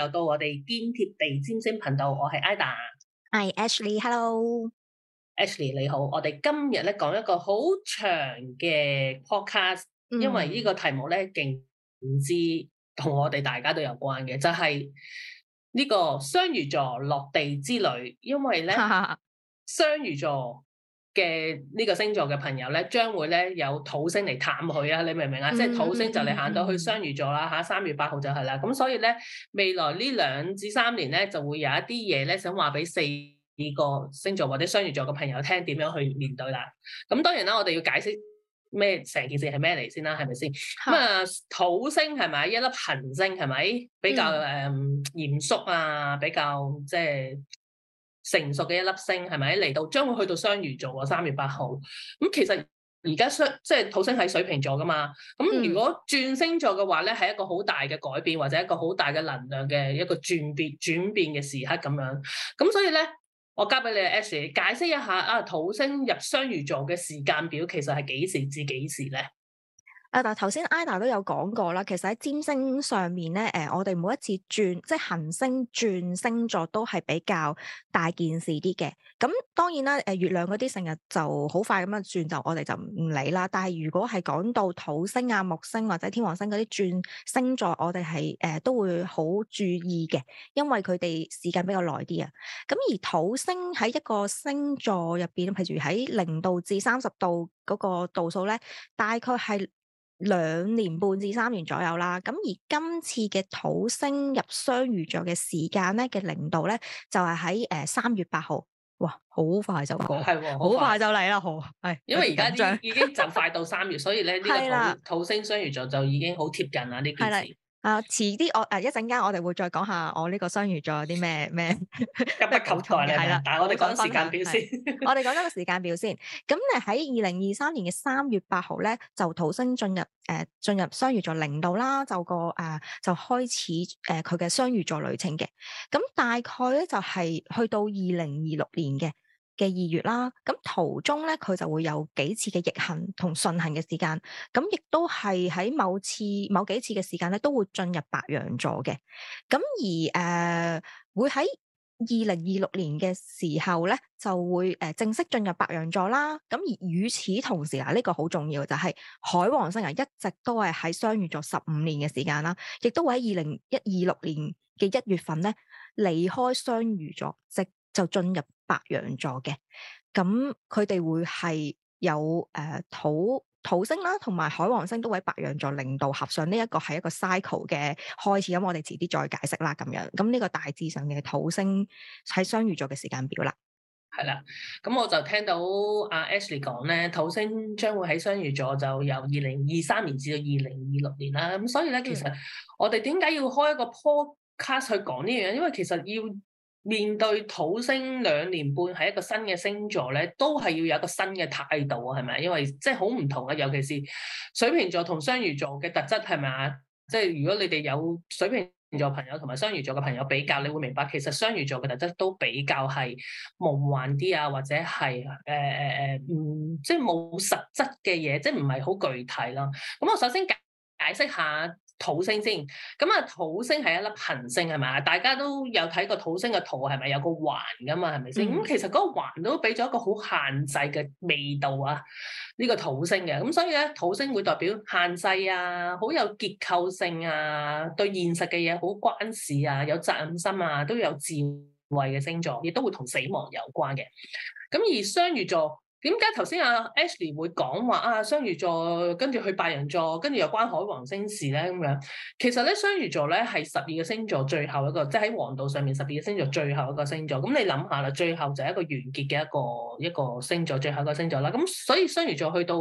又到我哋堅貼地占星頻道，我係 Ida，係 Ashley，Hello，Ashley 你好，我哋今日咧講一個好長嘅 podcast，、mm. 因為呢個題目咧勁唔知同我哋大家都有關嘅，就係呢個雙魚座落地之旅，因為咧雙魚座。 嘅呢個星座嘅朋友咧，將會咧有土星嚟探佢啊！你明唔明啊？嗯、即係土星就你行到去雙魚座啦嚇，三、嗯、月八號就係啦。咁所以咧，未來呢兩至三年咧，就會有一啲嘢咧想話俾四個星座或者雙魚座嘅朋友聽，點樣去面對啦。咁當然啦，我哋要解釋咩成件事係咩嚟先啦，係咪先？咁啊是、嗯，土星係咪一粒行星係咪？比較誒、嗯嗯、嚴肅啊，比較即係。成熟嘅一粒星係咪嚟到？將會去到雙魚座啊！三月八號。咁其實而家雙即係土星喺水瓶座噶嘛。咁如果轉星座嘅話咧，係一個好大嘅改變，或者一個好大嘅能量嘅一個轉變、轉變嘅時刻咁樣。咁所以咧，我交俾你 Ashley 解釋一下啊，土星入雙魚座嘅時間表其實係幾時至幾時咧？誒，嗱、啊，頭先 ida 都有講過啦，其實喺占星上面咧，誒、呃，我哋每一次轉，即係行星轉星座都係比較大件事啲嘅。咁當然啦，誒，月亮嗰啲成日就好快咁樣轉，我就我哋就唔理啦。但係如果係講到土星啊、木星或者天王星嗰啲轉星座我，我哋係誒都會好注意嘅，因為佢哋時間比較耐啲啊。咁而土星喺一個星座入邊，譬如喺零度至三十度嗰個度數咧，大概係。兩年半至三年左右啦，咁而今次嘅土星入雙魚座嘅時間咧嘅零度咧，就係喺誒三月八號，哇！好快就過，係好、哦、快，快就嚟啦，好，係、哎，因為而家已經已經就快到三月， 所以咧呢個土土星雙魚座就已經好貼近啦呢件事。 的啊，遲啲我誒一陣間我哋會再講下我呢個雙魚座有啲咩咩急不及待係啦，的但係我哋講時間表先， 我哋講咗個時間表先。咁咧喺二零二三年嘅三月八號咧就土星進入誒進、呃、入雙魚座零度啦，就個誒、呃、就開始誒佢嘅雙魚座旅程嘅。咁大概咧就係、是、去到二零二六年嘅。嘅二月啦，咁途中咧佢就會有幾次嘅逆行同順行嘅時間，咁亦都係喺某次某幾次嘅時間咧，都會進入白羊座嘅。咁而誒、呃、會喺二零二六年嘅時候咧，就會誒正式進入白羊座啦。咁而與此同時啊，呢、這個好重要就係、是、海王星人一直都係喺雙魚座十五年嘅時間啦，亦都會喺二零一二六年嘅一月份咧離開雙魚座，即就進入。白羊座嘅，咁佢哋會係有誒、呃、土土星啦，同埋海王星都喺白羊座零度合上呢一個係一個 cycle 嘅開始，咁我哋遲啲再解釋啦，咁樣，咁呢個大致上嘅土星喺雙魚座嘅時間表啦，係啦，咁我就聽到阿 Ashley 講咧，土星將會喺雙魚座就由二零二三年至到二零二六年啦，咁所以咧其實我哋點解要開一個 podcast 去講呢樣嘢？因為其實要。面對土星兩年半係一個新嘅星座咧，都係要有一個新嘅態度啊，係咪？因為即係好唔同啊，尤其是水瓶座同雙魚座嘅特質係咪？即係如果你哋有水瓶座朋友同埋雙魚座嘅朋友比較，你會明白其實雙魚座嘅特質都比較係夢幻啲啊，或者係誒誒誒，唔、呃呃嗯、即係冇實質嘅嘢，即係唔係好具體咯。咁我首先解釋下。土星先，咁、嗯、啊土星係一粒行星係咪啊？大家都有睇過土星嘅圖係咪有個環噶嘛？係咪先？咁、嗯嗯、其實嗰個環都俾咗一個好限制嘅味道啊！呢、這個土星嘅，咁、嗯、所以咧土星會代表限制啊，好有結構性啊，對現實嘅嘢好關事啊，有責任心啊，都有佔位嘅星座，亦都會同死亡有關嘅。咁、嗯、而雙魚座。點解頭先阿 Ashley 會講話啊雙魚座跟住去白羊座，跟住又關海王星事咧咁樣？其實咧雙魚座咧係十二個星座最後一個，即係喺黃道上面十二個星座最後一個星座。咁你諗下啦，最後就係一個完結嘅一個一個星座，最後一個星座啦。咁所以雙魚座去到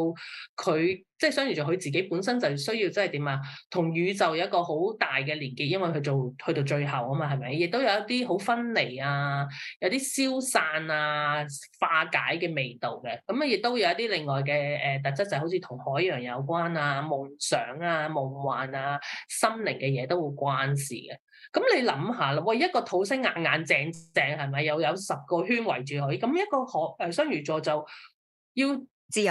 佢。即係雙魚座，佢自己本身就需要即係點啊？同宇宙有一個好大嘅連結，因為佢做去到最後啊嘛，係咪？亦都有一啲好分離啊，有啲消散啊、化解嘅味道嘅。咁、嗯、啊，亦都有一啲另外嘅誒、呃、特質，就好似同海洋有關啊、夢想啊、夢幻啊、心靈嘅嘢都會關事嘅。咁、嗯、你諗下啦，喂，一個土星硬硬淨淨係咪？又有，有十個圈，圈圍住佢，咁一個海誒、呃、雙魚座就要，要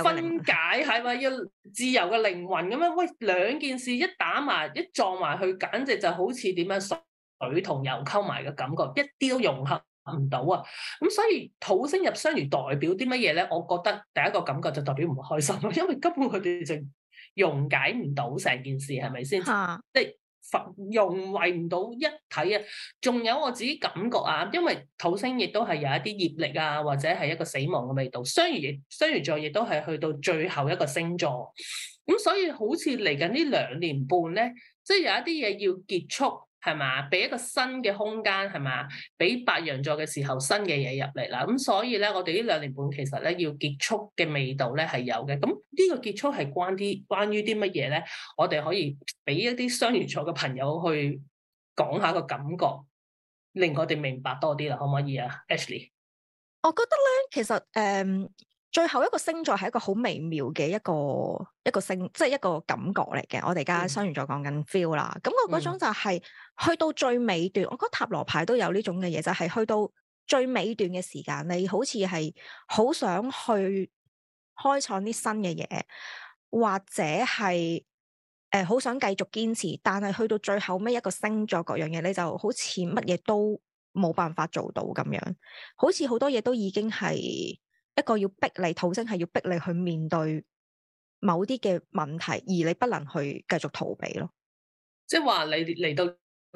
分解係咪要自由嘅靈魂咁樣？喂，兩件事一打埋一撞埋去，簡直就好似點樣水同油溝埋嘅感覺，一啲都融合唔到啊！咁所以土星入雙魚代表啲乜嘢咧？我覺得第一個感覺就代表唔開心，因為根本佢哋就溶解唔到成件事，係咪先？即、啊融為唔到一體啊！仲有我自己感覺啊，因為土星亦都係有一啲業力啊，或者係一個死亡嘅味道。雙魚亦雙魚座亦都係去到最後一個星座，咁所以好似嚟緊呢兩年半咧，即係有一啲嘢要結束。係嘛，俾一個新嘅空間係嘛，俾白羊座嘅時候新嘅嘢入嚟啦。咁所以咧，我哋呢兩年半其實咧要結束嘅味道咧係有嘅。咁呢個結束係關啲關於啲乜嘢咧？我哋可以俾一啲雙魚座嘅朋友去講下個感覺，令我哋明白多啲啦，可唔可以啊？Ashley，我覺得咧，其實誒。嗯最後一個星座係一個好微妙嘅一個一個星，即係一個感覺嚟嘅。我哋而家雙魚座講緊 feel 啦，咁我嗰種就係、是、去到最尾段，我覺得塔羅牌都有呢種嘅嘢，就係、是、去到最尾段嘅時間，你好似係好想去開創啲新嘅嘢，或者係誒好想繼續堅持，但係去到最後尾一個星座各樣嘢，你就好似乜嘢都冇辦法做到咁樣，好似好多嘢都已經係。一個要逼你土星，係要逼你去面對某啲嘅問題，而你不能去繼續逃避咯。即係話你嚟到呢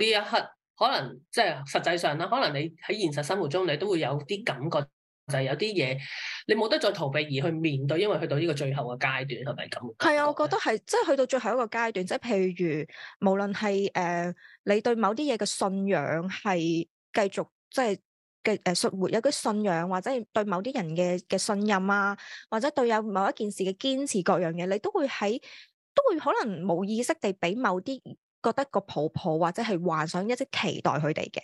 一刻，可能即係實際上啦，可能你喺現實生活中，你都會有啲感覺，就係、是、有啲嘢你冇得再逃避而去面對，因為去到呢個最後嘅階段，係咪咁？係啊，我覺得係，即係去到最後一個階段，即係譬如，無論係誒、呃、你對某啲嘢嘅信仰係繼續，即係。嘅誒生活有啲信仰或者係對某啲人嘅嘅信任啊，或者對有某一件事嘅堅持各樣嘢，你都會喺都會可能冇意識地俾某啲覺得個抱抱或者係幻想一直期待佢哋嘅。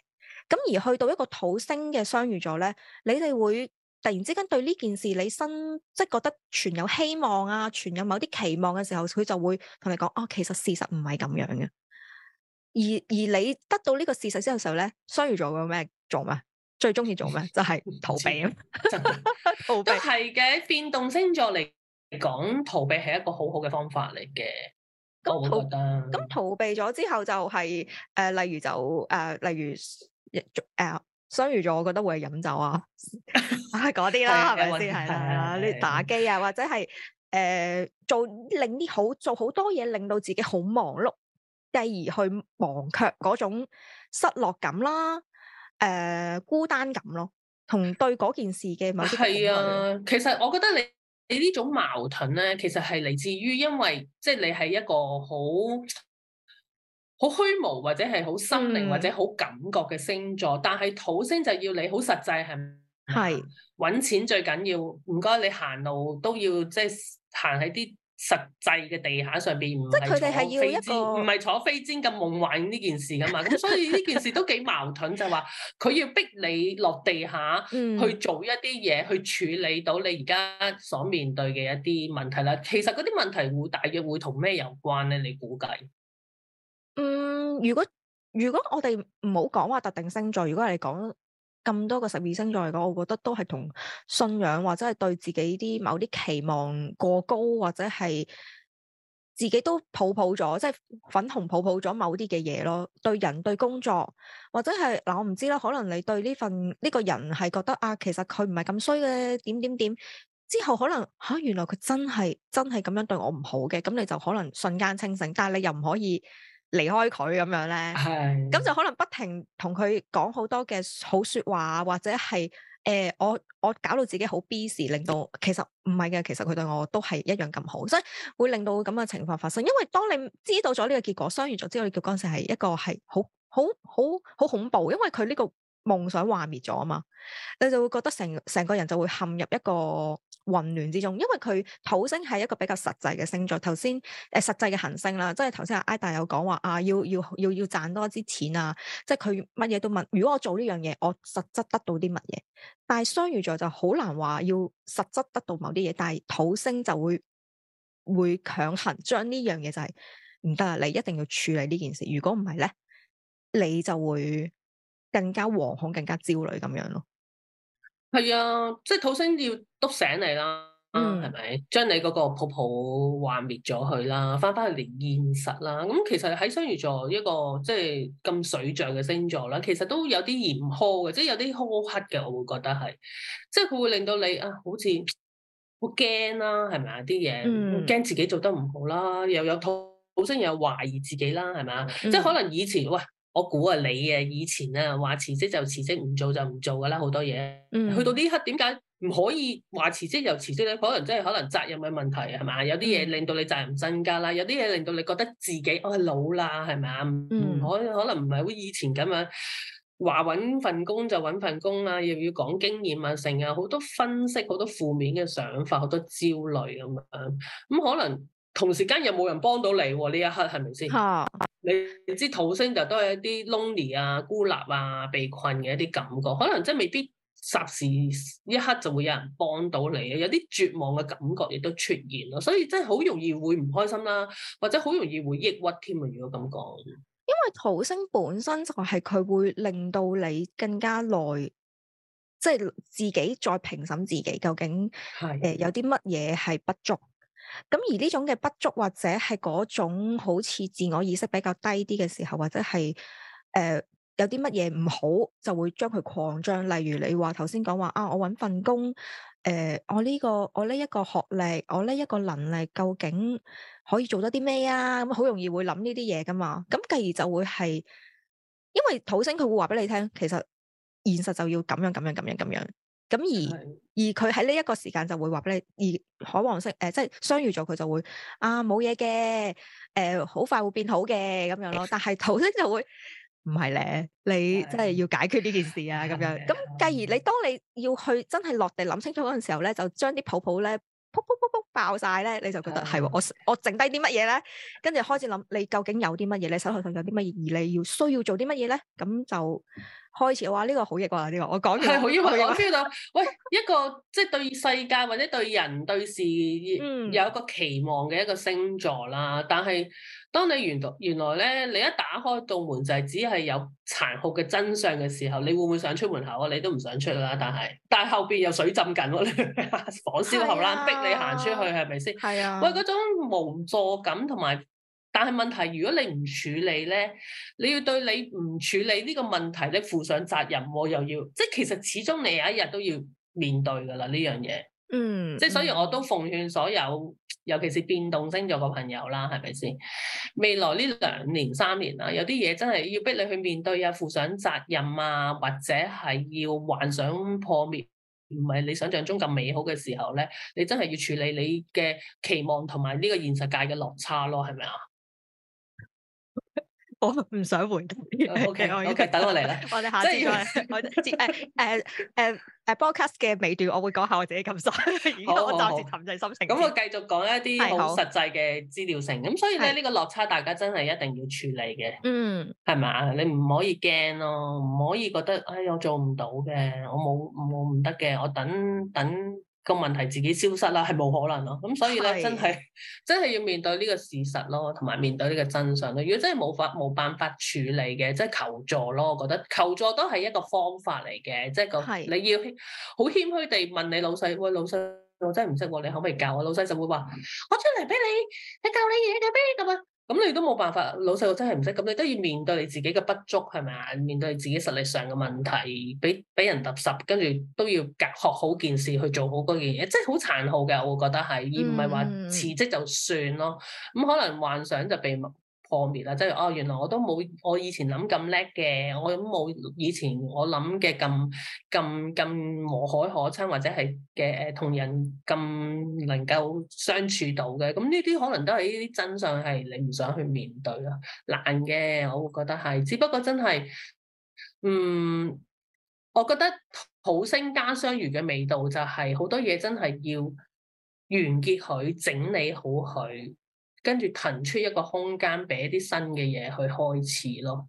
咁而去到一個土星嘅雙魚座咧，你哋會突然之間對呢件事你新即係覺得存有希望啊，存有某啲期望嘅時候，佢就會同你講：哦，其實事實唔係咁樣嘅。而而你得到呢個事實之後嘅時候咧，雙魚座有咩做啊？最中意做咩？就係、是、逃避、啊， 逃避係嘅。變動星座嚟講，逃避係一個好好嘅方法嚟嘅。咁、嗯、逃，咁、嗯、逃避咗之後就係、是、誒、呃，例如就誒、呃，例如誒，雙魚座我覺得會係飲酒啊，嗰啲、 啊、啦，係咪先？係啊，你的打機啊，或者係誒做令啲好，做好多嘢令到自己好忙碌，繼而去忘卻嗰種，種失落感啦。誒、呃，孤單感咯，同對嗰件事嘅矛盾係啊。其實我覺得你你呢種矛盾咧，其實係嚟自於因為即係你係一個好好虛無或者係好心靈或者好感覺嘅星座，嗯、但係土星就要你好實際係，係、嗯、搵是錢最緊要。唔該，你行路都要即係行喺啲。實際嘅地下上邊，唔係要飛氈，唔係坐飛氈咁夢幻呢件事噶嘛，咁 所以呢件事都幾矛盾， 就係話佢要逼你落地下去做一啲嘢，嗯、去處理到你而家所面對嘅一啲問題啦。其實嗰啲問題會大約會同咩有關咧？你估計？嗯，如果如果我哋唔好講話特定星座，如果係講。咁多個十二星座嚟講，我覺得都係同信仰或者係對自己啲某啲期望過高，或者係自己都抱抱咗，即係粉紅抱抱咗某啲嘅嘢咯。對人對工作或者係嗱，我唔知啦。可能你對呢份呢個人係覺得啊，其實佢唔係咁衰嘅，點點點。之後可能嚇、啊，原來佢真係真係咁樣對我唔好嘅，咁你就可能瞬間清醒，但係你又唔可以。離開佢咁樣咧，咁的就可能不停同佢講好多嘅好說話，或者係誒、呃、我我搞到自己好卑視，令到其實唔係嘅，其實佢對我都係一樣咁好，所以會令到咁嘅情況發生。因為當你知道咗呢個結果，相遇咗之後你叫嗰陣時係一個係好好好好恐怖，因為佢呢、這個。夢想幻滅咗啊嘛，你就會覺得成成個人就會陷入一個混亂之中，因為佢土星係一個比較實際嘅星座，頭先誒實際嘅行星啦，即係頭先阿 ida 有講話啊，要要要要賺多啲錢啊，即係佢乜嘢都問，如果我做呢樣嘢，我實質得到啲乜嘢？但係雙魚座就好難話要實質得到某啲嘢，但係土星就會會強行將呢樣嘢就係唔得啊！你一定要處理呢件事，如果唔係咧，你就會。更加惶恐，更加焦慮咁樣咯。係啊，即係土星要篤醒你啦，係咪、嗯？將你嗰個泡泡幻滅咗佢啦，翻翻去嚟現實啦。咁、嗯嗯、其實喺雙魚座一個即係咁水象嘅星座啦，其實都有啲嚴苛嘅，即係有啲苛刻嘅，我會覺得係，即係佢會令到你啊，好似好驚啦，係咪啊？啲嘢驚自己做得唔好啦，又有土土星又有懷疑自己啦，係咪啊？嗯、即係可能以前喂。我估啊，你啊，以前啊話辭職就辭職，唔做就唔做噶啦，好多嘢。嗯。去到呢刻，點解唔可以話辭職就辭職咧？可能真係可能責任嘅問題係嘛？有啲嘢令到你責任增加啦，有啲嘢令到你覺得自己我、哎、老啦，係咪、嗯？嗯。可可能唔係好以前咁樣話搵份工就搵份工啦，要要講經驗啊，成日好多分析，好多負面嘅想法，好多焦慮咁樣，咁可能。同時間又冇人幫到你喎，呢一刻係咪先？嚇！啊、你知土星就都係一啲 lonely 啊、孤立啊、被困嘅一啲感覺，可能真係未必霎時一刻就會有人幫到你啊，有啲絕望嘅感覺亦都出現咯，所以真係好容易會唔開心啦，或者好容易會抑鬱添啊，如果咁講。因為土星本身就係佢會令到你更加耐，即係自己再評審自己究竟誒、呃、有啲乜嘢係不足。咁而呢種嘅不足或者係嗰種好似自我意識比較低啲嘅時候，或者係誒、呃、有啲乜嘢唔好，就會將佢擴張。例如你話頭先講話啊，我搵份工，誒、呃，我呢、呢個我呢一個學歷，我呢一個能力，究竟可以做得啲咩啊？咁好容易會諗呢啲嘢噶嘛？咁繼而就會係因為土星佢會話俾你聽，其實現實就要咁樣咁樣咁樣咁樣。咁而而佢喺呢一個時間就會話俾你，而海王星誒、呃、即係相遇咗，佢就會啊冇嘢嘅誒，好、呃、快會變好嘅咁樣咯。但係土星就會唔係咧，你真係要解決呢件事啊咁樣。咁繼而你當你要去真係落地諗清楚嗰陣時候咧，就將啲泡泡咧噗噗噗噗爆晒咧，你就覺得係的錯我我剩低啲乜嘢咧？跟住開始諗你究竟有啲乜嘢？你手頭上有啲乜嘢？而你要需要做啲乜嘢咧？咁就。開始嘅話，呢、這個好易話、啊，呢、這個我講完係好逆話，我 feel、 嗯、到，喂一個即係對世界或者對人對事有一個期望嘅一個星座啦。但係當你原來原來咧，你一打開道門就係只係有殘酷嘅真相嘅時候，你會唔會想出門口啊？你都唔想出啦。但係但係後邊有水浸緊、啊， 你火燒後欄，啊、逼你行出去係咪先？係啊。喂，嗰種無助感同埋。但係問題，如果你唔處理咧，你要對你唔處理呢個問題咧負上責任哦，又要即係其實始終你有一日都要面對噶啦呢樣嘢。嗯，即係所以我都奉勸所有，尤其是變動星座個朋友啦，係咪先？未來呢兩年，三年啊，有啲嘢真係要逼你去面對啊，負上責任啊，或者係要幻想破滅，唔係你想象中咁美好嘅時候咧，你真係要處理你嘅期望同埋呢個現實界嘅落差咯，係咪啊？我唔想回 O K，O K，等我嚟啦。我哋下次再，我接誒誒誒誒 broadcast 嘅尾段，我會講下我自己感受。 我暫時好，好好，沉制心情。咁我繼續講一啲好實際嘅資料性。咁好所以咧，呢是個落差，大家真係一定要處理嘅。嗯是，係嘛？你唔可以驚咯，唔可以覺得，哎，我做唔到嘅，我冇，我唔得嘅，我等等。個問題自己消失啦，係冇可能咯。咁所以咧是，真係真係要面對呢個事實咯，同埋面對呢個真相咯。如果真係冇法冇辦法處理嘅，即係求助咯。我覺得求助都係一個方法嚟嘅，即係個係你要好謙虛地問你老細：喂，老細，我真係唔識喎，你可唔可以教我？老細就會話：我出嚟俾你，你教你嘢嘅咩咁啊？咁你都冇辦法，老細我真係唔識，咁，你都要面對你自己嘅不足係咪啊？面對你自己實力上嘅問題，俾俾人踏實，跟住都要隔學好件事去做好嗰件嘢，即係好殘酷嘅，我覺得係，而唔係話辭職就算咯。咁、嗯、可能幻想就被。破滅啦，即係哦，原來我都冇我以前諗咁叻嘅，我冇以前我諗嘅咁咁咁和藹可親，或者係嘅誒，同人咁能夠相處到嘅，咁呢啲可能都係呢啲真相係你唔想去面對咯，難嘅，我會覺得係。只不過真係，嗯，我覺得土星加雙魚嘅味道就係好多嘢真係要完結佢，整理好佢。跟住騰出一個空間，俾啲新嘅嘢去開始咯。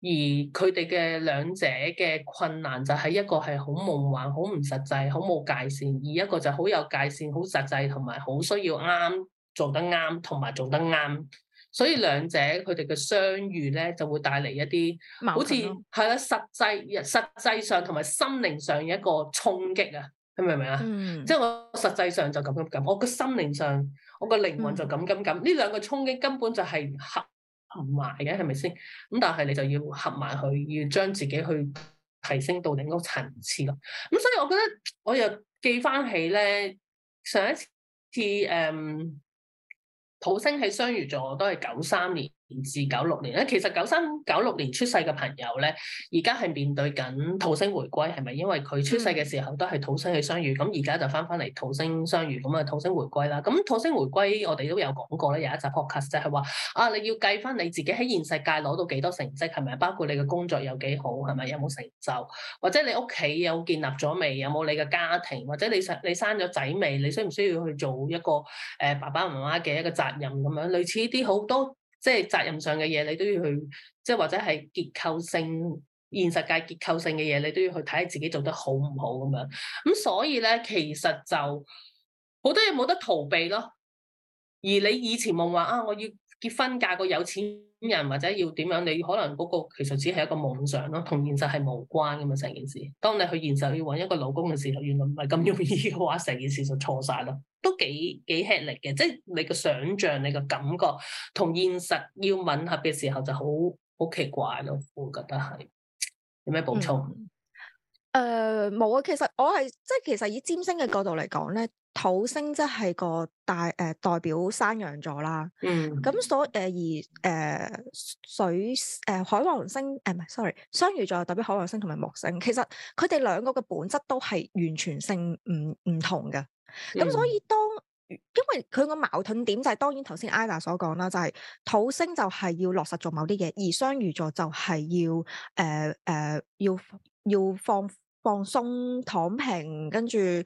而佢哋嘅兩者嘅困難，就係一個係好夢幻、好唔實際、好冇界線；而一個就好有界線、好實際，同埋好需要啱做得啱，同埋做得啱。所以兩者佢哋嘅相遇咧，就會帶嚟一啲某種好似係啦，實際實際上同埋心靈上一個衝擊啊！你明唔明啊？嗯，即係我實際上就咁咁咁，我個心靈上。我個靈魂就咁咁咁，呢兩、嗯、個衝擊根本就係合唔埋嘅，係咪先？咁但係你就要合埋佢，要將自己去提升到另一個層次咯。咁所以我覺得我又記翻起咧，上一次誒土、嗯、星喺雙魚座都係九三年。自九六年咧，其實九三九六年出世嘅朋友咧，而家係面對緊土星回歸，係咪？因為佢出世嘅時候都係土星去相遇，咁而家就翻翻嚟土星相遇，咁啊土星回歸啦。咁、嗯、土星回歸我哋都有講過咧，有一集 podcast 就係話啊，你要計翻你自己喺現世界攞到幾多成績，係咪包括你嘅工作有幾好，係咪有冇成就，或者你屋企有建立咗未，有冇你嘅家庭，或者你想你生咗仔未，你需唔需要去做一個誒、呃、爸爸媽媽嘅一個責任咁樣，類似啲好多。即係責任上嘅嘢，你都要去；即係或者係結構性、現實界結構性嘅嘢，你都要去睇下自己做得好唔好咁樣。咁、嗯、所以咧，其實就好多嘢冇得逃避咯。而你以前夢話啊，我要結婚嫁個有錢人，或者要點樣，你可能嗰個其實只係一個夢想咯，同現實係無關嘅嘛。成件事，當你去現實要揾一個老公嘅時候，原來唔係咁容易嘅話，成件事就錯晒咯。都幾幾吃力嘅，即係你個想象、你個感覺同現實要吻合嘅時候就好好奇怪咯，我覺得係有咩補充？誒、嗯，冇、呃、啊，其實我係即係其實以占星嘅角度嚟講咧，土星即係個大誒、呃、代表山羊座啦，嗯，咁所誒而誒、呃、水誒、呃、海王星誒唔係，sorry，雙魚座代表海王星同埋木星，其實佢哋兩個嘅本質都係完全性唔唔同嘅，咁所以當、嗯因為佢個矛盾點就係、是，當然頭先 Ida 所講啦，就係、是、土星就係要落實做某啲嘢，而雙魚座就係要誒誒、呃呃，要要放放鬆躺平，跟住誒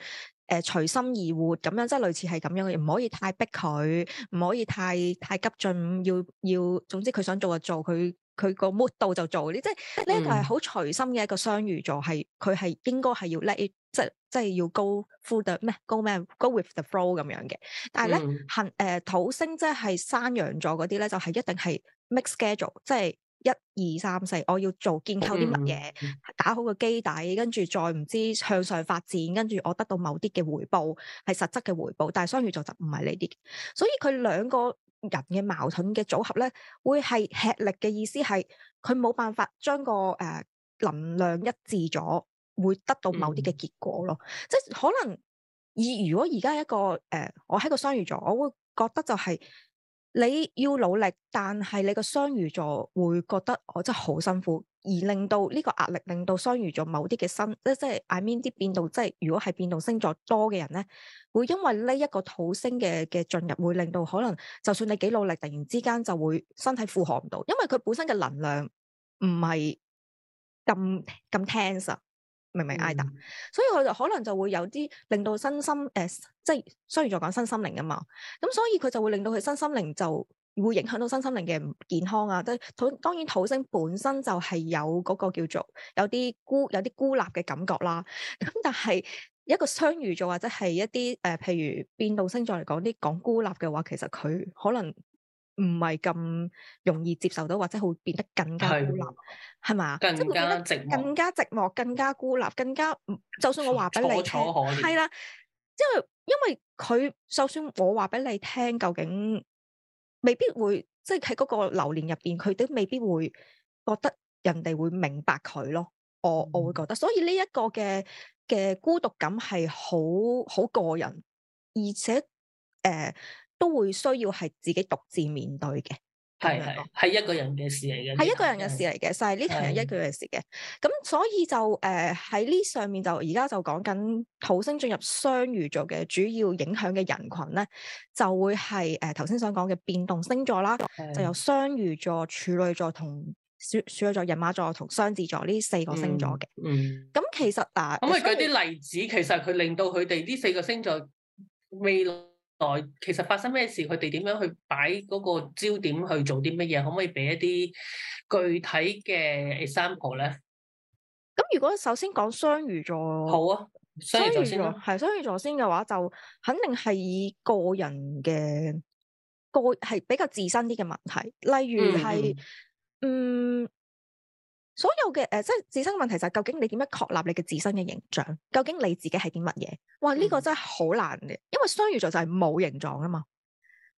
隨心而活咁樣，即係類似係咁樣嘅，唔可以太逼佢，唔可以太太急進，要要，總之佢想做就做，佢佢個 mood 度就做啲，即係呢一個係好隨心嘅一個雙魚座，係佢係應該係要 let。即係即係要 go with 咩？go 咩？go with the flow 咁樣嘅。但係咧，嗯、行誒、呃、土星即係山羊座嗰啲咧，就係、是、一定係 mix schedule，即係一二三四，我要做建構啲乜嘢，嗯、打好個基底，跟住再唔知向上發展，跟住我得到某啲嘅回報，係實質嘅回報。但係雙魚座就唔係呢啲，所以佢兩個人嘅矛盾嘅組合咧，會係吃力嘅意思係佢冇辦法將個誒、呃、能量一致咗。會得到某啲嘅結果咯，嗯、即係可能以如果而家一個誒、呃，我喺個雙魚座，我會覺得就係、是、你要努力，但係你個雙魚座會覺得我真係好辛苦，而令到呢個壓力令到雙魚座某啲嘅身咧即係 I mean 啲變動，即係如果係變動星座多嘅人咧，會因為呢一個土星嘅嘅進入，會令到可能就算你幾努力，突然之間就會身體負荷唔到，因為佢本身嘅能量唔係咁咁 tense 啊。明明挨打，所以佢就可能就會有啲令到身心，誒、呃，即係雙魚座講身心靈啊嘛，咁所以佢就會令到佢身心靈就會影響到身心靈嘅唔健康啊。即土當然土星本身就係有嗰個叫做有啲孤有啲孤立嘅感覺啦。咁但係一個雙魚座或者係一啲誒、呃，譬如變動星座嚟講啲講孤立嘅話，其實佢可能。唔係咁容易接受到，或者會變得更加孤立，係嘛？係嘛？即會變得更加寂寞，更加寂寞，更加孤立，更加……就算我話俾你聽，係啦，因為因為佢，就算我話俾你聽，究竟未必會，即係喺嗰個流年入邊，佢都未必會覺得人哋會明白佢咯。我、嗯、我會覺得，所以呢一個嘅嘅孤獨感係好好個人，而且誒。呃都會需要係自己獨自面對嘅，係係係一個人嘅事嚟嘅，係一個人嘅事嚟嘅，就係呢題係一個嘅事嘅。咁的所以就誒喺呢上面就而家就講緊土星進入雙魚座嘅主要影響嘅人群咧，就會係誒頭先想講嘅變動星座啦，的就由雙魚座、處女座同處處女座、人馬座同雙子座呢四個星座嘅、嗯。嗯，咁其實啊，咁佢舉啲例子其實佢令到佢哋呢四個星座未來。其實發生咩事，佢哋點樣去擺嗰個焦點去做啲乜嘢？可唔可以俾一啲具體嘅 example 咧？咁如果首先講雙魚座，好啊，雙魚座先，係雙，雙魚座先嘅話，就肯定係以個人嘅個係比較自身啲嘅問題，例如係嗯。嗯所有嘅誒、呃，即係自身問題就係究竟你點樣確立你嘅自身嘅形象？究竟你自己係啲乜嘢？哇，呢個真係好難嘅，因為雙魚座就係冇形狀啊嘛。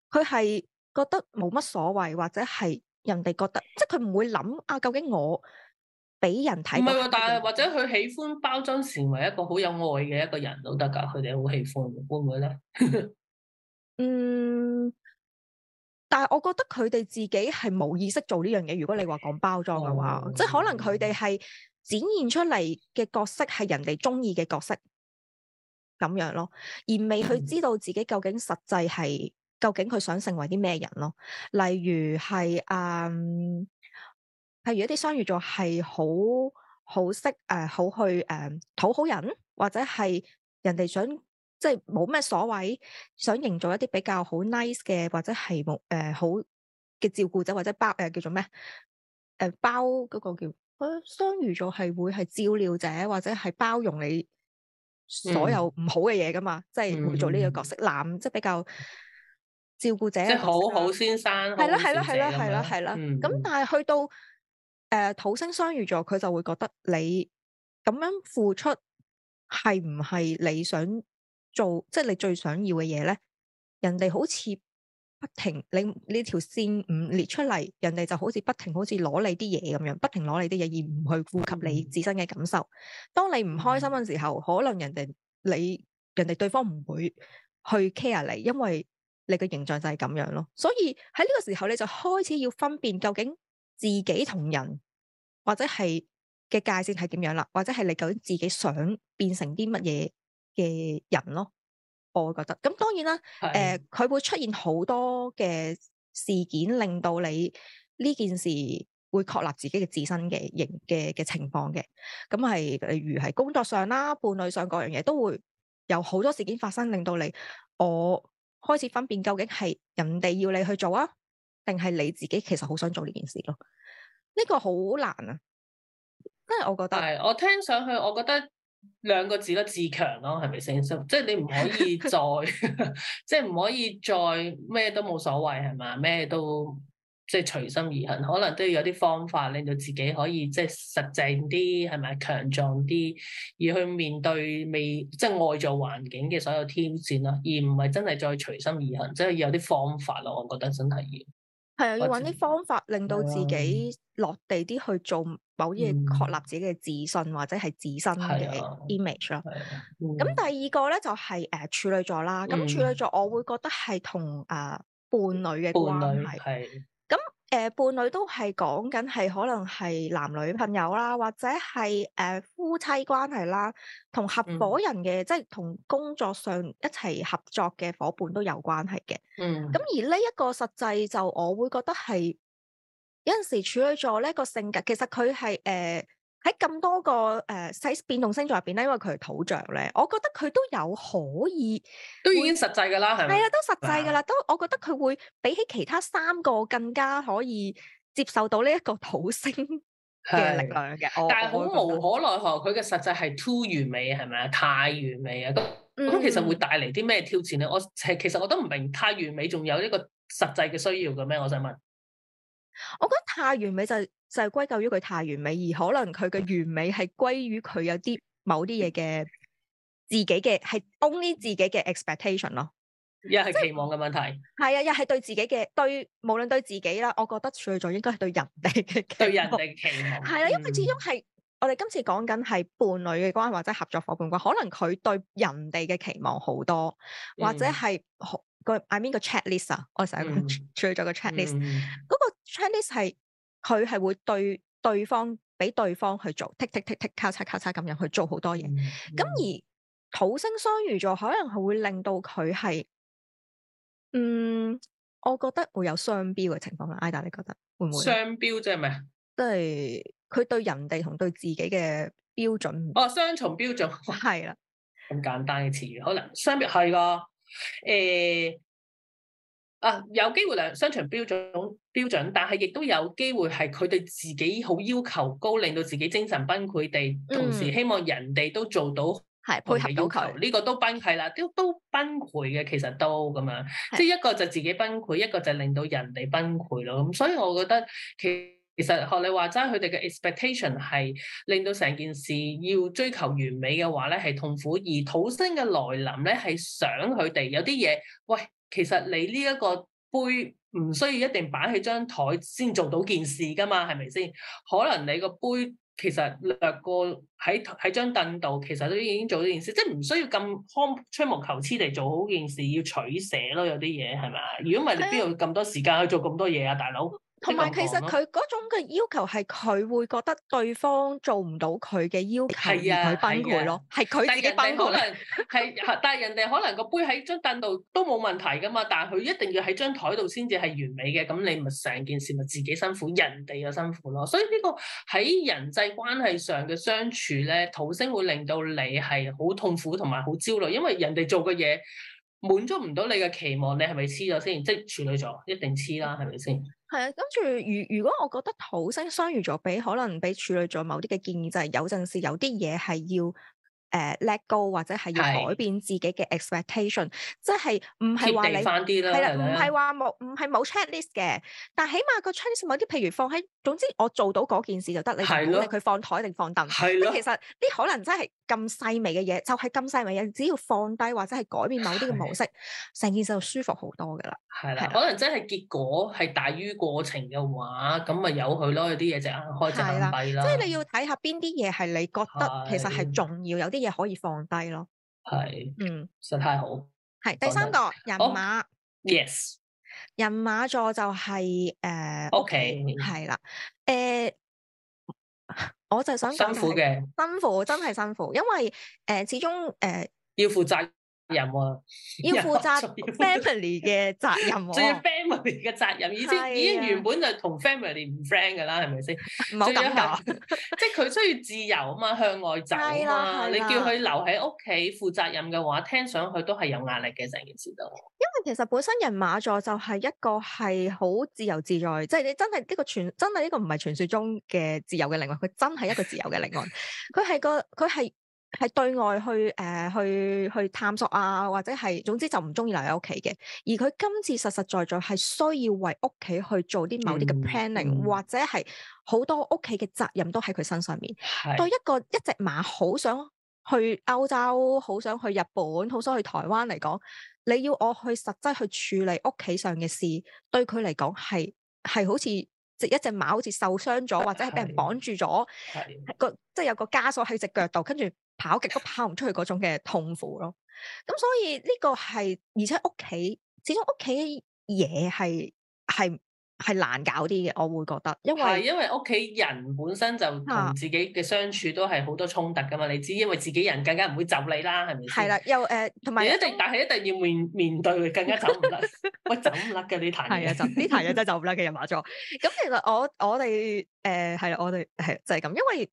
佢係覺得冇乜所謂，或者係人哋覺得，即係佢唔會諗啊。究竟我俾人睇，唔係，但係或者佢喜歡包裝成為一個好有愛嘅一個人都得㗎。佢哋好喜歡，會唔會咧？ 嗯。但係，我覺得佢哋自己係冇意識做呢樣嘢。如果你話講包裝嘅話，哦、即係可能佢哋係展現出嚟嘅角色係人哋中意嘅角色咁樣咯，而未去知道自己究竟實際係究竟佢想成為啲咩人咯。例如係誒，譬、呃、如一啲雙魚座係好好識誒，好、呃、去誒、呃、討好人，或者係人哋想。即係冇咩所謂，想營造一啲比較好 nice 嘅或者係冇誒好嘅照顧者或者包誒叫做咩誒包嗰個叫誒雙魚座係會係照料者或者係包容你所有唔好嘅嘢噶嘛，即係會做呢個角色男，即、就、係、是、比較照顧者，即係好好先生。係啦，係啦，係啦，係啦，係啦，咁但係去到誒、呃、土星雙魚座，佢就會覺得你咁樣付出係唔係你想？不 mind pe 做即係你最想要嘅嘢咧，人哋好似不停，你呢條線唔列出嚟，人哋就好似不停，好似攞你啲嘢咁樣，不停攞你啲嘢，而唔去顧及你自身嘅感受。當你唔開心嘅時候，可能人哋你人哋對方唔會去 care 你，因為你嘅形象就係咁樣咯。所以喺呢個時候，你就開始要分辨究竟自己同人或者係嘅界線係點樣啦，或者係你究竟自己想變成啲乜嘢。嘅人咯，我會覺得咁當然啦。誒的，佢、呃、會出現好多嘅事件，令到你呢件事會確立自己嘅自身嘅形嘅嘅情況嘅。咁係例如係工作上啦、伴侶上各樣嘢，都會有好多事件發生，令到你我開始分辨究竟係人哋要你去做啊，定係你自己其實好想做呢件事咯？呢、呢個好難啊，因為我覺得，我聽上去，我覺得。兩個字都自強咯，係咪先？ 即係你唔可以再， 即係唔可以再咩都冇所謂係咪？咩都即係隨心而行，可能都要有啲方法令到自己可以即係實淨啲，係咪？強壯啲，而去面對未即係外在環境嘅所有挑戰啦，而唔係真係再隨心而行，即係要有啲方法咯，我覺得真係要。係啊，要揾啲方法令到自己落地啲去做某嘢，確立自己嘅自信、嗯、或者係自身嘅 image 啦。咁的第二個咧就係、是、誒、uh，處女座啦。咁、嗯、處女座我會覺得係同誒伴侶嘅關係。誒、呃、伴侶都係講緊係可能係男女朋友啦，或者係誒、呃、夫妻關係啦，同合夥人嘅，嗯、即係同工作上一齊合作嘅夥伴都有關係嘅。嗯，咁而呢一個實際就我會覺得係有陣時處女座呢個性格，其實佢係誒、呃喺咁多個誒細、呃、變動星座入邊咧，因為佢係土象咧，我覺得佢都有可以，都已經實際噶啦，係咪？係啦，都實際噶啦，哇都我覺得佢會比起其他三個更加可以接受到呢一個土星嘅力量嘅。但係好無可奈何，佢嘅實際係 too 完美，係咪啊？太完美啊！咁咁、嗯、其實會帶嚟啲咩挑戰咧？我係其實我都唔明，太完美仲有一個實際嘅需要嘅咩？我想問。我覺得太完美就係就係歸咎於佢太完美，而可能佢嘅完美係歸於佢有啲某啲嘢，嘅自己嘅係 only 自己嘅 expectation 咯。一係期望嘅問題。係啊，一係對自己嘅對，無論對自己啦，我覺得處女座應該係對人哋嘅，對人哋期望。係啦，因為始終係我哋今次講緊係伴侶嘅關係或者合作夥伴關係，可能佢對人哋嘅期望好多，或者係個 I mean 個 chatlist 啊，我成日處女座個 chatlist Chinese 係佢，係會對對方，俾對方去做剔剔剔剔咔嚓咔嚓，咁樣去做好多嘢，咁而土星雙魚座可能係會令到佢係，嗯，我覺得會有雙標嘅情況啦。ida 你覺得會唔會？雙標即係咩？即係佢對人哋同對自己嘅標準哦，雙重標準，係啦，咁簡單嘅詞語，可能雙標係噶，誒。啊，uh, 有機會兩商場標準標準，但係亦都有機會係佢對自己好要求高，令到自己精神崩潰地。嗯、同時希望人哋都做到配合要求，呢個都崩潰啦，都都崩潰嘅，其實都咁樣。的即係一個就自己崩潰，一個就令到人哋崩潰咯。咁所以我覺得其實學你話齋，佢哋嘅 expectation 係令到成件事要追求完美嘅話咧，係痛苦。而土星嘅來臨咧，係想佢哋有啲嘢，喂。其實你呢一個杯唔需要一定擺喺張枱先做到件事㗎嘛，係咪先？可能你個杯其實略過喺喺張凳度，其實都已經做咗件事，即係唔需要咁苛吹毛求疵地做好件事，要取捨咯，有啲嘢係咪啊？如果唔係，你邊度咁多時間去做咁多嘢啊，大佬？同埋其實佢嗰種嘅要求係佢會覺得對方做唔到佢嘅要求而佢崩潰咯，係佢自己崩潰。但係人哋可能係， 但係人哋可能個杯喺張凳度都冇問題噶嘛，但係佢一定要喺張台度先至係完美嘅。咁你咪成件事咪自己辛苦，人哋又辛苦咯。所以呢個喺人際關係上嘅相處咧，土星會令到你係好痛苦同埋好焦慮，因為人哋做嘅嘢滿足唔到你嘅期望，你係咪黐咗先？即係處女座一定黐啦，係咪先？係啊，跟住如如果我覺得土星雙魚座，俾可能俾處女座某啲嘅建議就係、是，有陣時有啲嘢係要。Let go，或者係要改變自己嘅 expectation，即係唔係話你係啦，唔係話冇唔係冇 checklist 嘅，但起碼個 checklist 某啲譬如放喺，總之我做到嗰件事就得，你唔理佢放台定放凳。其實啲可能真係咁細微嘅嘢，就係咁細微嘢，只要放低或者係改變某啲嘅模式，成件事就舒服好多㗎啦。係啦，可能真係結果係大於過程嘅話，咁咪由佢咯，有啲嘢就眼開隻眼閉啦。即係你要睇下邊啲嘢係你覺得其實係重要，有啲。可以放低咯，係是，嗯，實太好，係是下第三個人馬、oh,，yes，人馬座就係、是、誒、呃、，OK，係啦，誒、呃，我就想、就是、辛苦嘅，辛苦真係辛苦，因為誒、呃，始終誒、呃、要負責。任要負責 family 嘅責任、啊、 責任，仲要 family 嘅責任。已經已經原本就同 family 唔 friend 噶啦，係咪先？唔好咁講， 即係佢需要自由啊嘛，向外走啊嘛，係啊，係啊你叫佢留喺屋企負責任嘅話，聽上去都係有壓力嘅成件事都。因為其實本身人馬座就係一個係好自由自在，即係你真係呢個傳，真係呢個唔係傳説中嘅自由嘅靈魂，佢真係一個自由嘅靈魂，佢係 個佢係。係對外去誒、呃、去去探索啊，或者係總之就唔中意留喺屋企嘅。而佢今次實實在在係需要為屋企去做啲某啲嘅 planning，或者係好多屋企嘅責任都喺佢身上面。嗯、對一個一隻馬好想去歐洲，好想去日本，好想去台灣嚟講，你要我去實際去處理屋企上嘅事，對佢嚟講係係好似。即一隻馬好似受傷咗，或者係俾人綁住咗，個即係、就是、有個枷鎖喺隻腳度，跟住跑極都跑唔出去嗰種嘅痛苦咯。咁所以呢個係，而且屋企始終屋企嘅嘢係係。係難搞啲嘅，我會覺得，因為因為屋企人本身就同自己嘅相處都係好多衝突噶嘛，你知因為自己人更加唔會走你啦，係咪？係啦，又誒，同、呃、埋一定，但係中一定要面面對佢更加走唔甩，喂、 欸，走唔甩嘅呢啲嘢就，呢啲嘢真係走唔甩嘅人馬座。咁、嗯、其實我我哋誒係啦，我哋係、呃、就係、是、咁，因為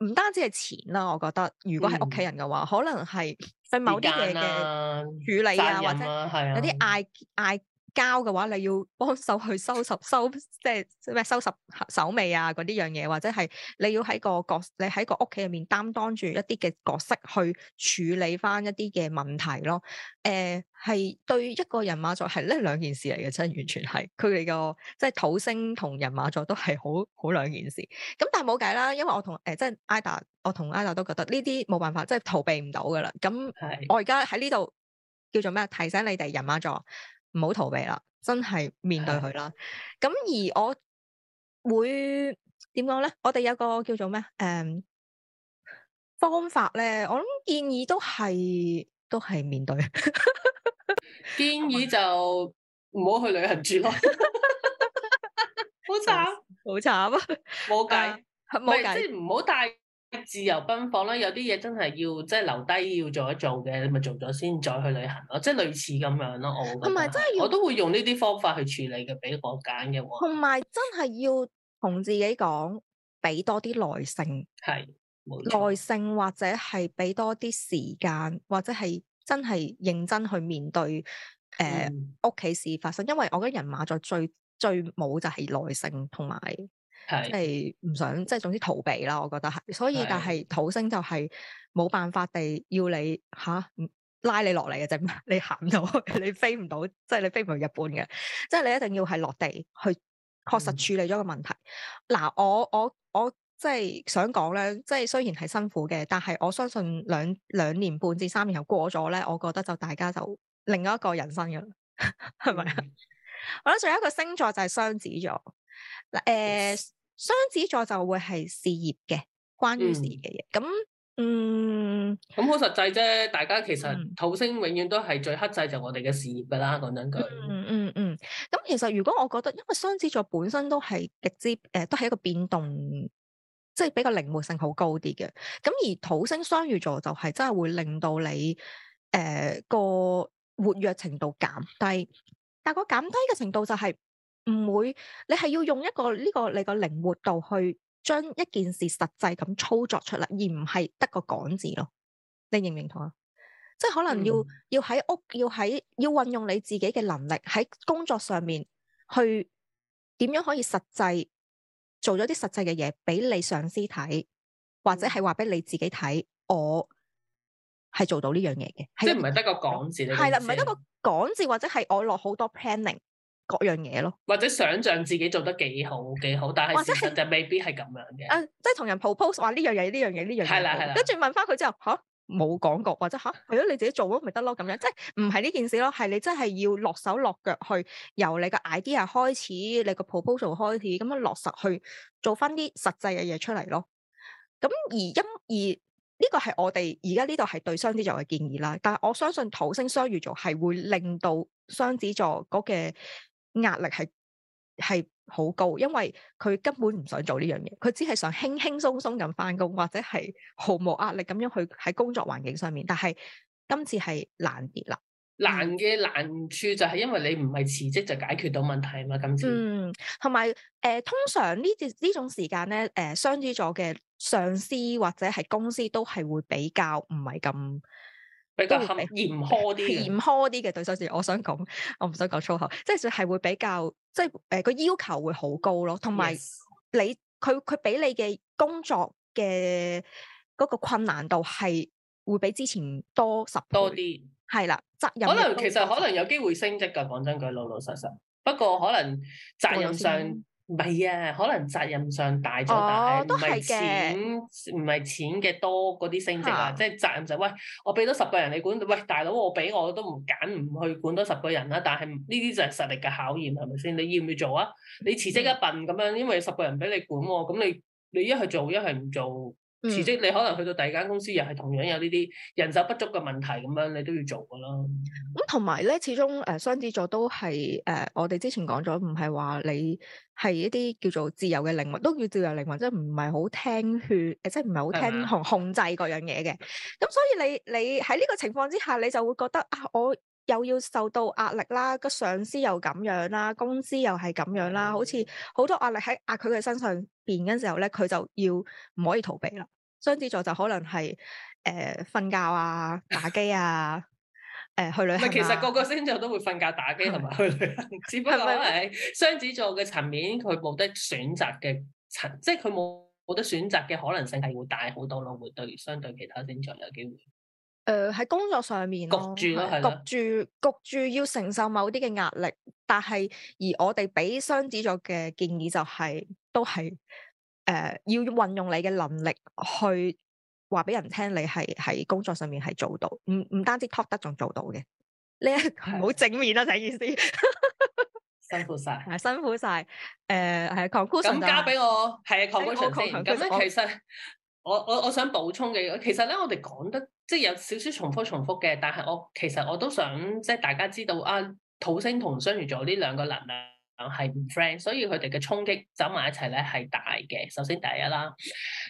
唔唔單止係錢啦，我覺得如果係屋企人嘅話，可能係係某啲嘢嘅處理啊或，或者有啲嗌嗌。交嘅話，你要幫手去收拾收，即係咩收拾手尾啊？嗰啲樣嘢，或者係你要喺個角，你喺個屋企入面擔當住一啲嘅角色去處理翻一啲嘅問題咯。誒、呃，係對一個人馬座係呢兩件事嚟嘅，真係完全係佢哋個即係土星同人馬座都係好好兩件事。咁但係冇計啦，因為我同誒、呃、即係 ida，我同 ida 都覺得呢啲冇辦法，即係逃避唔到噶啦。咁我而家喺呢度叫做咩？提醒你哋人馬座。唔好逃避啦，真係面對佢啦。咁 而我會點講咧？我哋有個叫做咩誒、um, 方法咧？我諗建議都係都係面對。 建議就唔好去旅行住耐，好 慘 慘，好慘 啊！冇計，係先唔好帶。即係自由奔放啦，有啲嘢真係要即係留低，要做一做嘅，你咪做咗先再去旅行咯，即係類似咁樣咯。我同埋真係，我都會用呢啲方法去處理嘅。俾我揀嘅話，同埋真係要同自己講，俾多啲耐性，係耐性或者係俾多啲時間，或者係真係認真去面對誒屋企事發生。因為我覺得人馬在最最冇就係耐性同埋。即係唔想，即係總之逃避啦。我覺得係，所以的但係土星就係冇辦法地要你吓拉你落嚟嘅啫，你行唔到，你飛唔到，即係你飛唔到日本嘅，即係你一定要係落地去確實處理咗個問題。嗱、嗯，我我我即係想講咧，即係雖然係辛苦嘅，但係我相信兩兩年半至三年後過咗咧，我覺得就大家就另外一個人生噶啦，係咪啊？嗯、我覺得仲有一個星座就係雙子座誒。呃 yes. 雙子座就會係事業嘅，關於事業嘅嘢。咁、嗯，嗯，咁好實際啫。大家其實土星永遠都係最克制就我哋嘅事業噶啦，講緊佢，嗯嗯嗯。咁、嗯、其實如果我覺得，因為雙子座本身都係極之誒、呃，都係一個變動，即、就、係、是、比較靈活性好高啲嘅。咁而土星雙魚座就係真係會令到你誒、呃、個活躍程度減低，但係個減低嘅程度就係、是。唔會，你係要用一個呢、這個你個靈活度去將一件事實際咁操作出嚟，而唔係得個講字咯。你認唔認同啊？即係可能要、嗯、要喺屋，要喺要運用你自己嘅能力喺工作上面去點樣可以實際做咗啲實際嘅嘢俾你上司睇，或者係話俾你自己睇，我係做到呢樣嘢嘅。即係唔係得個講字，係啦，唔係得個講字，或者係我落好多 planning。各樣嘢咯，或者想象自己做得幾好幾好，但係事實就未必係咁樣嘅。誒，即係同人 propose 話呢樣嘢呢樣嘢呢樣嘢，係啦係啦。跟住問翻佢之後，吓冇講過或者吓，係咯你自己做咯，咪得咯咁樣，即係唔係呢件事咯，係你真係要落手落腳去，由你個 idea 開始，你個 proposal 開始，咁樣落實去做翻啲實際嘅嘢出嚟咯。咁而因而呢個係我哋而家呢度係對雙子座嘅建議啦，但係我相信土星雙魚座係會令到雙子座嗰嘅。壓力係係好高，因為佢根本唔想做呢樣嘢，佢只係想輕輕鬆鬆咁翻工，或者係毫無壓力咁樣去喺工作環境上面。但係今次係難啲啦，難嘅難處就係因為你唔係辭職就解決到問題嘛，今次。嗯，同埋誒，通常呢啲呢種時間咧，誒、呃，雙子座嘅上司或者係公司都係會比較唔係咁。比較嚴苛啲，嚴苛啲嘅對手時，我想講，我唔想講粗口，即係就係會比較，即係誒個要求會好高咯，同埋你佢佢俾你嘅工作嘅嗰個困難度係會比之前多十多啲，係啦，責任可能其實可能有機會升職噶，講真句老老實實，不過可能責任上。唔係啊，可能責任上大咗，但係唔係錢唔係、哦、錢嘅多嗰啲升職啊，嗯、即係責任就喂，我俾多十個人你管，喂大佬我俾我，我都唔揀唔去管多十個人啦，但係呢啲就係實力嘅考驗係咪先？你要唔要做啊？你辭職一笨咁樣，嗯、因為十個人俾你管喎、啊，咁你你一係做一係唔做。辭職，辭職你可能去到第二間公司又係同樣有呢啲人手不足嘅問題，咁樣你都要做噶囉。咁同埋咧，始終誒雙子座都係誒、呃，我哋之前講咗，唔係話你係一啲叫做自由嘅靈魂，都叫自由靈魂，即係唔係好聽去誒，即係唔係好聽控控制嗰樣嘢嘅。咁是、啊、所以你你喺呢個情況之下，你就會覺得啊我。又要受到壓力啦，個上司又咁樣啦，公司又係咁樣啦，好似好多壓力喺壓佢嘅身上邊。嘅時候咧，佢就要唔可以逃避啦。雙子座就可能係誒瞓覺啊、打機啊、誒、呃、去旅行、啊、 其實個個星座都會瞓覺、打機同埋去旅行， 只不過係雙子座嘅層面，佢冇得選擇嘅層，即係佢冇冇得選擇嘅可能性係會大好多咯，會對相對其他星座有機會。誒喺、呃、工作上面咯，焗住焗住要承受某啲嘅壓力，但係而我哋俾雙子座嘅建議就係、是、都係誒、呃、要運用你嘅能力去話俾人聽你，你係喺工作上面係做到，唔唔單止 talk 得，仲做到嘅。呢一，好正面啦、啊，睇對 意思，辛苦晒， 辛苦晒。係、呃，conclusion 交畀我，晒。誒，係。咁交俾我，係啊果，conclusion 先。咁即係其實。 我我我想補充嘅，其實咧我哋講得即係有少少重複重複嘅，但係我其實我都想即係大家知道啊，土星同雙魚座呢兩個能量係唔 friend，所以佢哋嘅衝擊走埋一齊咧係大嘅。首先第一啦，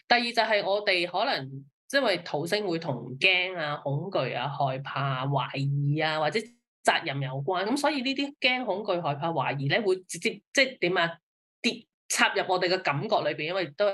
第二就係我哋可能因為土星會同驚啊、恐懼啊、害怕、啊、懷疑啊或者責任有關，咁所以呢啲驚、恐懼、害怕、懷疑咧會直接即係點啊跌插入我哋嘅感覺裏邊，因為都。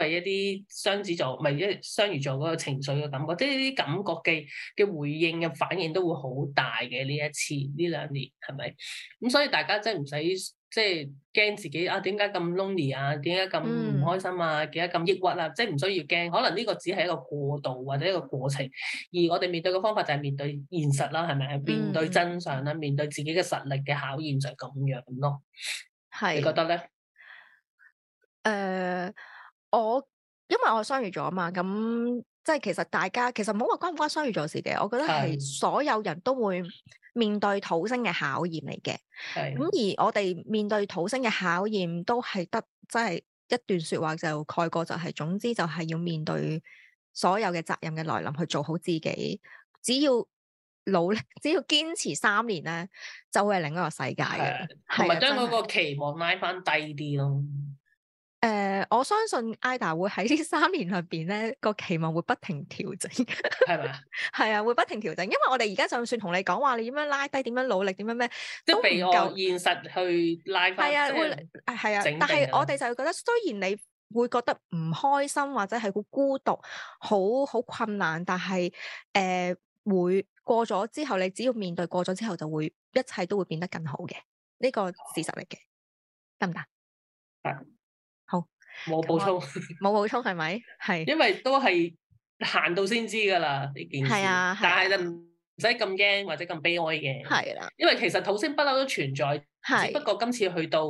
係一啲雙子座，咪一雙魚座嗰個情緒嘅感覺，即係呢啲感覺嘅嘅回應嘅反應都會好大嘅。呢一次，呢兩年係咪？咁所以大家即係唔使即係驚自己啊？點解咁 lonely 啊？點解咁唔開心啊？點解咁抑鬱啊？即係唔需要驚，可能呢個只係一個過渡或者一個過程。而我哋面對嘅方法就係面對現實啦，係咪？面對真相啦，嗯、面對自己嘅實力嘅考驗就係咁樣咯。係是你覺得咧？誒、呃。我因為我係雙魚座啊嘛，咁、嗯、即係其實大家其實唔好話關唔關雙魚座事嘅，我覺得係所有人都會面對土星嘅考驗嚟嘅。咁的而我哋面對土星嘅考驗都得，都係得即係一段說話就概括，就是，就係總之就係要面對所有嘅責任嘅來臨，去做好自己。只要努力，只要堅持三年咧，就會係另一個世界嘅，係咪將嗰個期望拉翻低啲咯。誒、呃，我相信 IDA 會喺呢三年裏邊咧，個期望會不停調整，係咪啊？係 啊，會不停調整，因為我哋而家就算同你講話，你點樣拉低，點樣努力，點樣咩，都未夠、啊、現實去拉翻。係啊，會係啊，但係我哋就會覺得，雖然你會覺得唔開心或者係好孤獨、好好困難，但係誒、呃、會過咗之後，你只要面對過咗之後，就會一切都會變得更好嘅。呢、這個事實嚟嘅，得唔得？係。行冇補充，冇補充係咪？係，因為都係行到先知噶啦呢件事，啊啊、但係就唔使咁驚或者咁悲哀嘅，係啦的。因為其實土星不嬲都存在，是只不過今次去到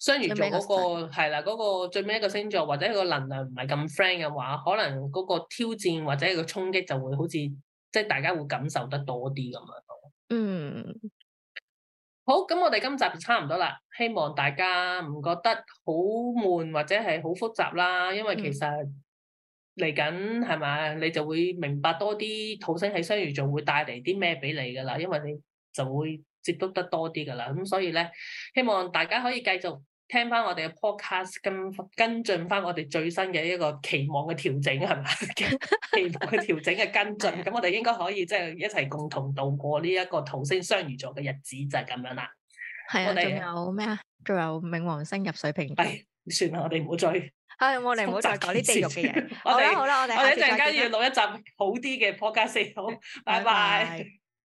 雙魚、那個、座嗰個係啦，嗰的、嗰個最尾一個星座或者佢個能量唔係咁 friend 嘅話，可能嗰個挑戰或者個衝擊就會好似即係大家會感受得多啲咁樣。嗯。好，咁我哋今集就差唔多啦。希望大家唔覺得好悶或者係好複雜啦，因為其實嚟緊係咪，你就會明白多啲土星喺雙魚座會帶嚟啲咩俾你噶啦因為你就會接觸得多啲噶啦咁所以咧，希望大家可以繼續聽翻我哋嘅 podcast 跟跟進翻我哋最新嘅一個期望嘅調整係嘛？ 期望嘅調整嘅跟進，咁 的我哋應該可以即係、就是、一齊共同度過呢一個土星雙魚座嘅日子就係、是、咁樣啦。係啊的，仲們有咩啊？仲有冥王星入水瓶。係、哎，算啦，我哋唔好追。唉、 哎，我哋唔 們好再講啲地獄嘅嘢。我哋好啦，我哋我哋一陣間要錄一集好啲嘅 podcast，好， 拜拜。 拜拜。